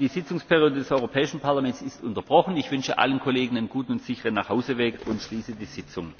die sitzungsperiode des europäischen parlaments ist unterbrochen. ich wünsche allen kollegen einen guten und sicheren nachhauseweg und schließe die sitzung.